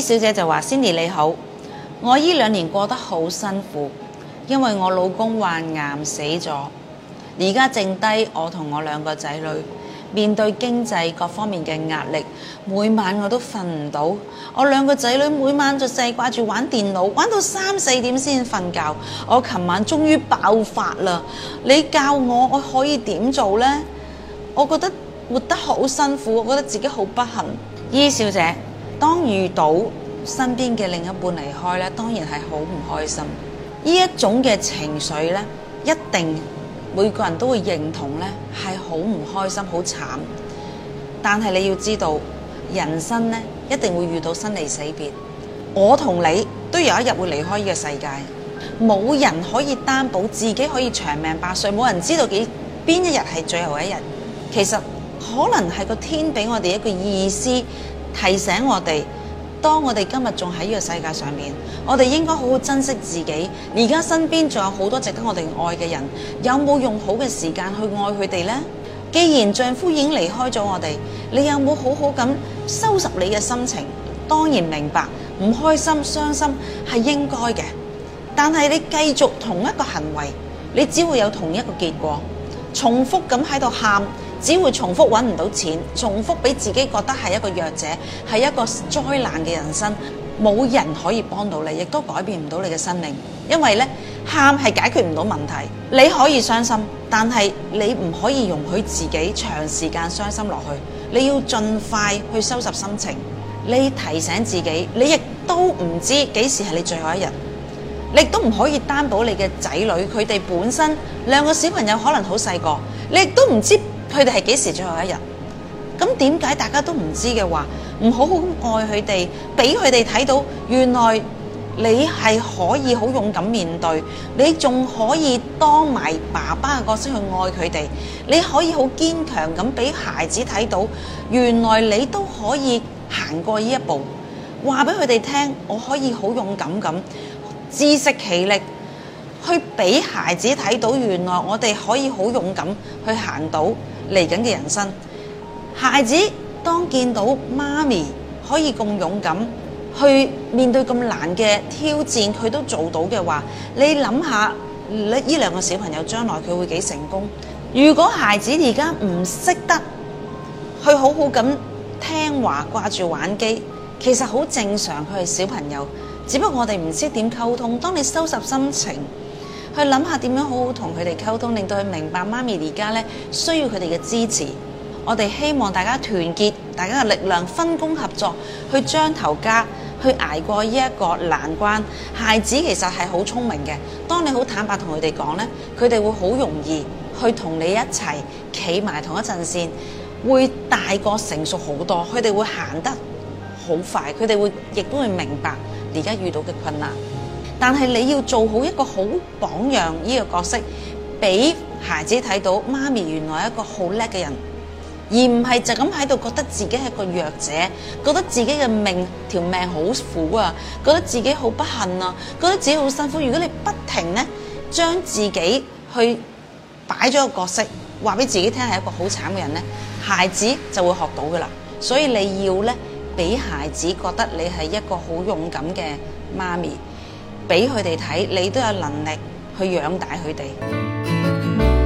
伊、e、小姐就話：Cindy 你好，我依兩年過得好辛苦，因為我老公患癌死咗，而家剩低我同我兩個仔女，面對經濟各方面嘅壓力，每晚我都瞓唔到，我兩個仔女每晚就細掛住玩電腦，玩到三四點先瞓覺，我琴晚終於爆發啦，你教我我可以點做呢？我覺得活得好辛苦，我覺得自己好不幸。伊、e、小姐。當遇到身邊嘅另一半離開咧，當然係好唔開心。呢一種嘅情緒咧，一定每個人都會認同咧，係好唔開心、好慘。但係你要知道，人生咧一定會遇到生離死別。我同你都有一日會離開呢個世界，冇人可以擔保自己可以長命百歲，冇人知道幾邊一日係最後一日。其實可能係個天俾我哋一個意思。提醒我哋，當我哋今日仲喺呢個世界上面，我哋應該好好珍惜自己。而家身邊仲有好多值得我哋愛嘅人，有冇用好嘅時間去愛佢哋呢？既然丈夫已經離開咗我哋，你有冇好好咁收拾你嘅心情？當然明白，唔開心、傷心係應該嘅，但係你繼續同一個行為，你只會有同一個結果。重複咁喺度喊。只會重複揾唔到錢，重複俾自己覺得係一個弱者，係一個災難嘅人生，冇人可以幫到你，亦都改變唔到你嘅生命。因為呢，喊係解決唔到問題。你可以傷心，但係你唔可以容許自己長時間傷心落去。你要盡快去收拾心情。你提醒自己，你亦都唔知幾時係你最後一日，你都唔可以擔保你嘅仔女。佢哋本身兩個小朋友可能好細個，你亦都唔知。佢哋係幾時最後一日？咁點解大家都唔知嘅話，唔好好咁愛佢哋，俾佢哋睇到原來你係可以好勇敢面對，你仲可以當埋爸爸嘅角色去愛佢哋，你可以好堅強咁俾孩子睇到，原來你都可以行過呢一步。話俾佢哋聽，我可以好勇敢咁自食其力，去俾孩子睇到，原來我哋可以好勇敢去行到。嚟緊嘅人生，孩子當見到媽咪可以咁勇敢去面對咁難嘅挑戰，佢都做到嘅話，你諗下，你呢兩個小朋友將來佢會幾成功？如果孩子而家唔識得去好好咁聽話，掛住玩機，其實好正常，佢係小朋友，只不過我哋唔識點溝通。當你收拾心情。去諗下點樣好好同佢哋溝通，令到佢明白媽咪而家呢，需要佢哋嘅支持。我哋希望大家團結，大家嘅力量分工合作，去將頭家去捱過呢一個難關。孩子其實係好聰明嘅，當你好坦白同佢哋講呢，佢哋會好容易去同你一齊企埋同一陣線，會大過成熟好多。佢哋會行得好快，佢哋會亦都會明白而家遇到嘅困難。但係你要做好一個好榜樣呢個角色，俾孩子睇到媽咪原來係一個好叻嘅人，而唔係就咁喺度覺得自己係一個弱者，覺得自己嘅命條命好苦啊，覺得自己好不幸啊，覺得自己好辛苦。如果你不停呢將自己去擺咗個角色，話俾自己聽係一個好慘嘅人呢，孩子就會學到噶啦。所以你要呢俾孩子覺得你係一個好勇敢嘅媽咪。俾佢哋睇，你都有能力去養大佢哋。